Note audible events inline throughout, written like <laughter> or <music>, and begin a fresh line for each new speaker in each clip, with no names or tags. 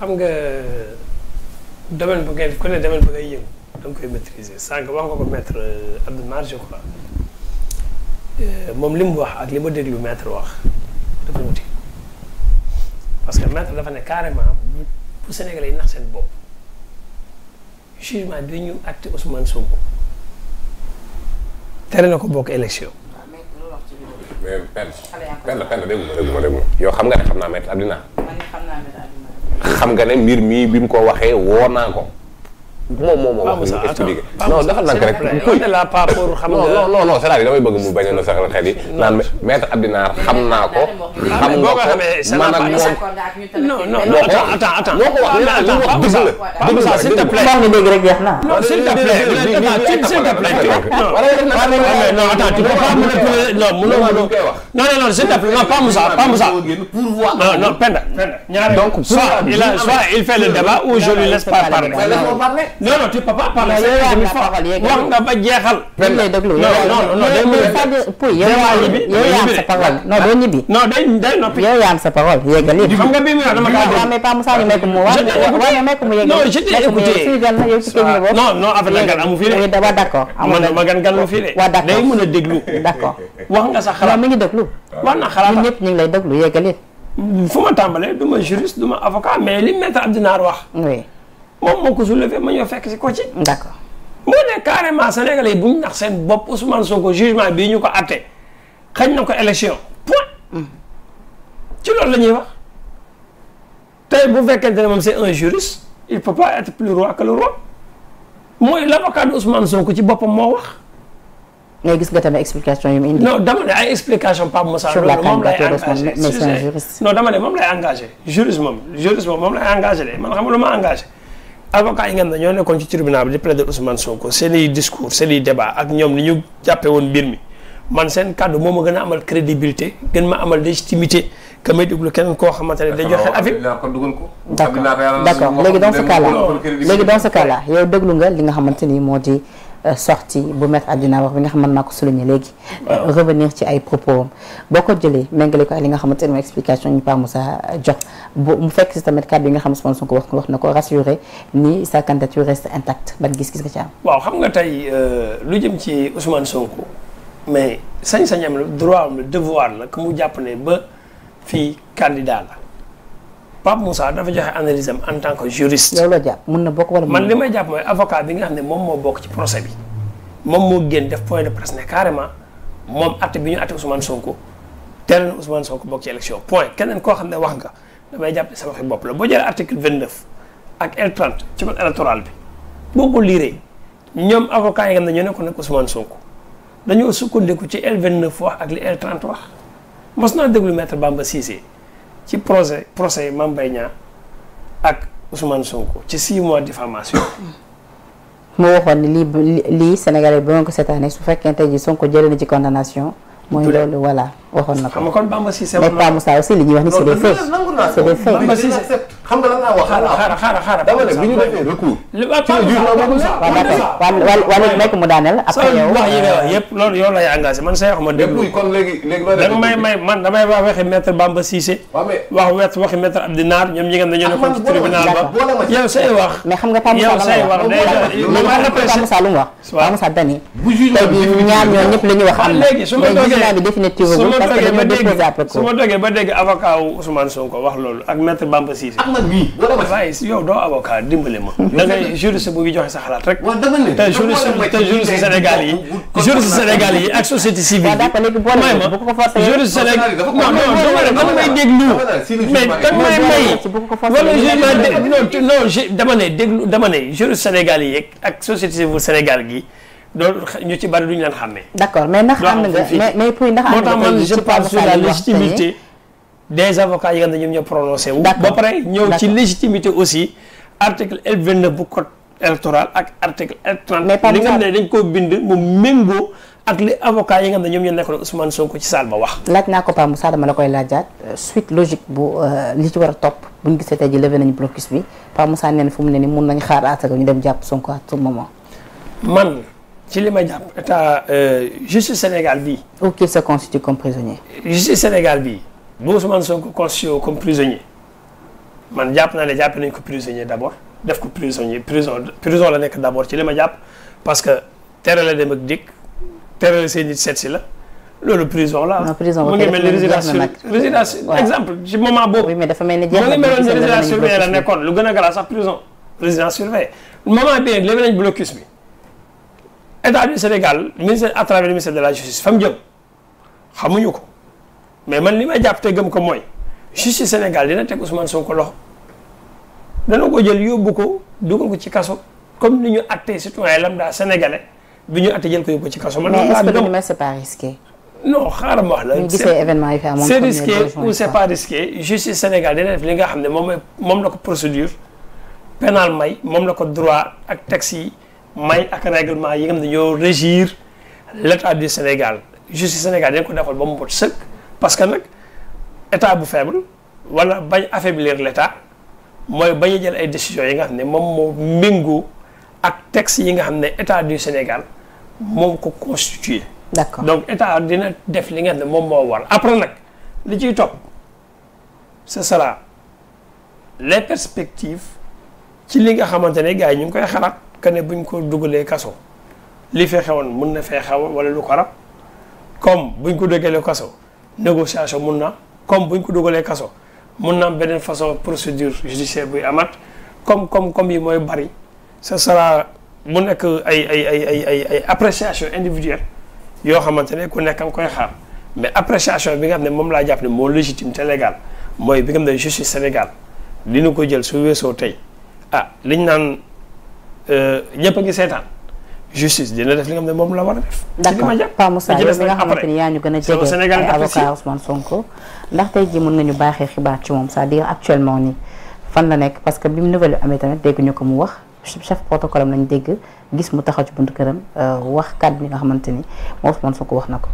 xam nga domaine bu ngay ku ne domaine bu ngay nga koy maîtriser sànq wax nga ko maître euh, Abdou Mar je crois euh, moom li mu wax ak li ma déglu maître wax dafa wuti parce que maître dafa ne carrément bu Sénégalais yi nax seen bopp jugement bi ñu àtte Ousmane Sonko tere na ko bokk élection. mais loolu
wax ci biir. mais Penda Penda Penda xam nga ne xam naa maître Abdou Mar. xam nga ne mbir mii bi mu ko waxee woo naa ko moom moo ma wax. expliqué non dafa nag rek. on est là pas pour xam nga. non non non c'est-à-dire damay bëgg mu bañ a na saxal xel yi. naan maître Abdinaar xam naa ko. xam nga ko man ak moom.
non non non attends attends. boo ko wax li mu wax dëgg la. dëgg la s'il te plaît. maa ngi dégg rek jeex na. non s'il te plaît. s'il te plaît. non attends tu peux pas manipuler. non mënoo mënoo. non non non s'il te plaît non pas Moussa pas Moussa. non non Penda. Penda. donc soit il a soit il fait le débat ou je lui laisse pas parler. non non tu peux pas parler wax nga ba jeexal. dañ lay déglu yow non non day ñibbi
non day day noppi. yow yaa am sa parole yéegali. xam nga bii muy wax dama kaa mais Pa Moussa nekk mu
ma gan gan a déglu. d'accord nga sa xalaat. na xalaat ñun ñëpp ñu ngi lay déglu yéegali. fu ma tàmbalee du ma juriste du ma avocat mais li Abdinaar wax. moom moo ko soulevé ma ñoo fekk si ko ci. d'accord moo ne carrément sénégalais yi bu nax seen bopp Ousmane Sonko jugement bi ñu ko àtte xañ na ko élection point. Mm. ci loolu la ñuy wax te bu fekkente ne moom c'est un juriste il peut pas être plus roi que le roi mooy l'avocat de Ousmane Sonko ci boppam moo wax. mais gis nga tamit explication yu mu indi. non dama ne ay explication Pape Moussa. sur la candidature d'Ousmane mais c'est un juriste. non dama ne moom lay engagé juriste moom juriste moom moom lay engagé de man xam ma engagé. avocat yi nga xam ne ñoo nekkoon ci tribunal bi di plaider Ousmane Sonko seen i discours seen i débat ak ñoom ni ñu jàppee woon mbir mi man seen kàddu moo ma gën a amal crédibilité gën ma amal légitimité que may déglu keneen koo xamante ne day joxe avis
d'accord d'accord léegi dans ce cas là léegi dans ce cas là
yow déglu nga li nga xamante ni moo di sortie bu maître Addina wax bi nga xam man maa ko souligné léegi euh, revenir ci ay propos boo ko jëlee méngale ko ak li nga xamante ne explication ñu Pa Moussa jox bu mu fekk si tamit kàddu yi nga xam Ousmane Sonko wax wax na ko rassuré ni sa candidature reste intacte ban gis-gis nga ci am
waaw xam nga tey euh, lu jëm ci Ousmane Sonko mais sañ-sañam la droit am la devoir la que mu jàpp ne ba fi candidat la Pape Moussa dafa joxe analyse en tant que juriste. yow
loo jàpp mën na bokk wala man li may
jàpp mooy avocat bi nga xam ne moom moo bokk ci procès bi moom moo génn def point de presse ne carrément moom atte bi ñu atte Ousmane Sonko teel na Ousmane Sonko bokk ci élection point keneen koo xam ne wax nga damay jàpp ne sa waxi bopp la boo jëlee article 29 ak L30 ci code électoral bi boo ko liiree ñoom avocat yi nga xam ne ñoo nekkoon ak Ousmane Sonko dañoo sukkandiku ci L29 wax ak li L30 naa déglu Bamba Cissé. ci projet procès yi Mame Mbaye Niang ak Ousmane Sonko ci 6 mois diffamation
moo waxoon ni lii lii Sénégalais ba ma ko seetaanee su fekkente ji Sonko jëlee na ci condamnation. mooy loolu voilà waxoon na ko. xam nga
kon Bamba Cissé
mais aussi li ñuy wax ni c'est des faits.
c'est xam nga lan laa wax. xaaral xaaral xaaral dama ne bu ñu defee recours. li waa PAM nekk mu
daaneel. après yow wax yi nga euh, wax yëpp
loolu yow lay engagé man say wax ma déglu. kon léegi léegi da nga may may man damay wax waxi maître Bamba Cissé. wax wet waxi maître Abdi Naar ñoom ñi nga xam ne dañoo ah, nekkoon ci tribunal ba. yow say wax. mais
xam nga PAM Sall wax lu mu wax. PAM Sall dani. bu juge tey bi ñaar ñoom ñëpp la ñu wax am ah, na. léegi su ma
toogee ba dégg avocat wu Ousmane Sonko wax loolu ak maître Bamba Cissé ak bii wala ma. waaye yow doo avocat dimbale ma. <laughs> da ngay juriste bu ngi joxe sa xalaat rek. waaw dama ne te juriste te juriste Sénégal yi. juriste Sénégal yi ak société civile bi.
may ma juriste Sénégal non non dama may déglu mais kan may may wala juriste non non
dama ne déglu dama ne juriste Sénégal yi ak société civile Sénégal gi. loolu ñu ci bari duñu leen xàmmee.
d'accord mais ndax am nga mais mais Pouy ndax am nga. moo tax man je parle sur la légitimité.
des avocats yi nga xam ne ñoom ñoo prononcé wu. ba pare ñëw ci légitimité aussi article L29 bu code électoral ak article L30. mais par li nga xam ne dañ koo bind mu méngoo ak li avocat yi nga xam ne ñoom ñoo nekkoon Ousmane Sonko ci salle ba wax.
laaj naa ko Paa Moussa dama la koy laajaat euh, suite logique bu euh, li ci war a topp bu ñu gisee tey ji levé nañu blocus bi Paa Moussa
nee na fu mu ne nii mun nañu xaar attaque
ñu dem jàpp Sonko à tout moment.
man. ci li ma jàpp état euh, justice Sénégal bii. ou qu'il se constitue comme prisonnier. justice Sénégal bii bu Ousmane Sonko constitué comme man jàpp naa ne jàpp nañ ko prisonnier d' abord def ko prisonnier prison prison la nekk d' abord ci li ma jàpp parce que tere la dem ak dikk tere la seen nit si la loolu prison la. non prison mu ngi mel ni résidence résidence exemple ci moment boobu. oui mais dafa mel ni jeex la nekkoon lu gën a garaaw sax prison résidence surveillée moment bii nag levé nañ blocus bi état du Sénégal ministère à travers le ministère de la justice fa mu jëm xamuñu ko. mais man li may jàpp te gëm ko mooy justice Sénégal dina teg Ousmane Sonko loxo dana ko jël yóbbu ko dugal ko ci kaso comme ni ñu attee citoyen lambda sénégalais bi ñu atte jël ko yóbbu ci kaso. man loolu laa gëm mais est-ce ah, que c'est ma wax la. ñu gisee événement yi fi amoon c'est risqué ou c'est pas risqué justice Sénégal dina def li nga xam ne moom moom la ko procédure pénal may moom la ko droit ak texte yi may ak règlement yi nga xam ne ñoo régir l'état du Sénégal justice Sénégal dina ko defal ba mu bot sëkk. parce que nag état bu faible wala bañ affaiblir l' état mooy bañ jël ay décisions yi nga xam ne moom moo méngoo ak texte yi nga xam ne état du Sénégal moom ko constitué. d' accord donc état dina def li nga xam ne moom moo war après nag li ciy topp ce sera les perspectives ci li nga xamante ne gars yi ñu ngi koy xalaat que ne buñ ko dugalee kaso li fee xewoon mun na fee xew wala lu ko rab comme buñ ko dugalee kaso. négociation mun na comme buñ ko dugalee kaso mun na am beneen façon procédure judiciaire buy amaat comme comme comme yi mooy bari ce sera mu nekk ay ay ay ay ay ay appréciation individuelle yoo xamante ne ku nekk nga koy xaar mais appréciation bi nga xam ne moom laa jàpp ne moo légitime te légal mooy bi nga xam ne justice Sénégal li ñu ko jël su weesoo tey ah liñ naan euh, ñëpp a ngi seetaan. justice dina def li nga xam ne moom la war a def. ci li ma jàpp Pa nga xamante ni yaa ñu gën a jege ay avocat
Ousmane Sonko ndax tey jii mën nga ñu baaxee xibaar ci moom sa à dire actuellement nii fan la nekk parce que bi mu nouvelle amee tamit dégg ñu ko mu wax chef protocole am lañ dégg gis mu taxaw ci buntu këram euh, wax kàddu bi nga xamante ni moom Ousmane ko wax na ko.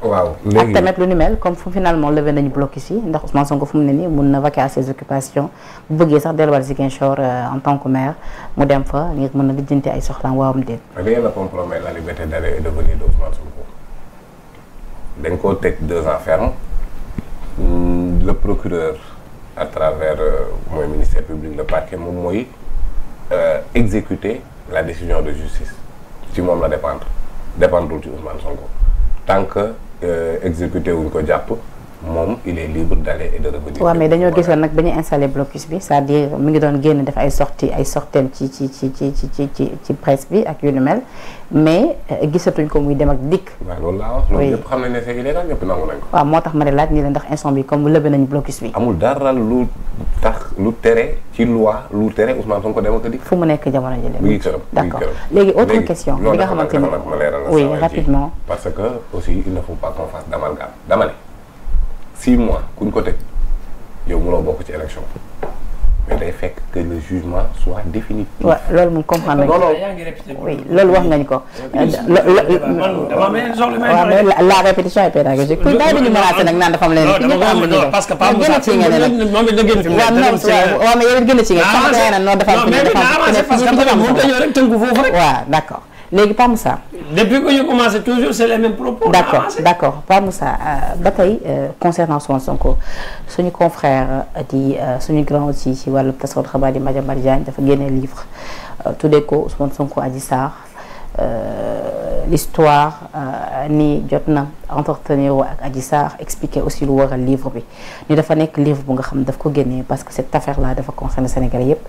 waaw léegi ak tamit
lu ni comme fu finalement levé nañu blocus yi ndax Ousmane Sonko fu mu ne nii mun na vaquer a ses occupations bu bëggee sax delluwaat Ziguinchor euh, en tant que maire mu dem fa ngir mën a lijjanti ay soxlaam waawam déet.
rien ne la liberté d'aller et de venir de Ousmane Sonko dañ koo teg deux ans ferme hmm, le procureur a travers euh, mooy ministère public le parquet moom mooy euh, exécuter la décision de justice ci moom la dépendre dépendul ci Ousmane Sonko. tant que euh, exécuté wuñ ko jàpp moom il est libre d'aller et de revenir. waaw mais
dañoo gisoon nag ba ñu installé blocus bi sa à dire mi ngi doon génn def ay sorties ay sorteem ci ci ci ci ci ci ci presse bi ak yu ni mel mais euh, gisatuñ ko muy dem ak dikk.
waaw laa wax loolu ñëpp xam nañ ne c'est illégal ñëpp
moo tax ma ne laaj nii la ndax instant bi comme lëbe nañu blocus bi. amul
dara lu. lu tere ci loi lu tere Ousmane Sonko dem ak
mu nekk jamono ji mu ngi këram d'accord léegi autre question. bi nga xamante ni ma leeral oui rapidement.
parce que aussi il ne faut pas qu'on damal d'amalgame dama ne six mois kuñ ko teg yow loo bokk ci élection. mais day fekk que le jugement soit définitif. waaw
loolu moom comprendre nañu ko
oui loolu wax nañu
ko. Euh, la répétition est pédagogique. kuy bàyyi bi ñu menacé nag naan dafa am leneen. non dama non parce que Pape Moussa ci nga ne nag. moom it da gën fi mu ne. waaw mais yow it gën a ci nga. non non mais dafa am parce que Pape Moussa mënut a ñëw rek tënku foofu rek. waaw d'accord. léegi Pa Moussa. depuis que ñu commencé toujours c'est les mêmes propos. d'accord ah, d'accord Pa Moussa euh, ba tey euh, concernant Ousmane Sonko suñu confrère euh, di suñu grand aussi ci wàllu tasawut xabaar yi Madiambal Diagne dafa génne livre tuddee ko Ousmane Sonko Adji Sarr l'histoire ni jot na entretenir wu ak Adji Sarr expliquer aussi lu a livre bi ni dafa nekk livre bu nga xam daf ko génnee parce que cette affaire là dafa concerner sénégal yépp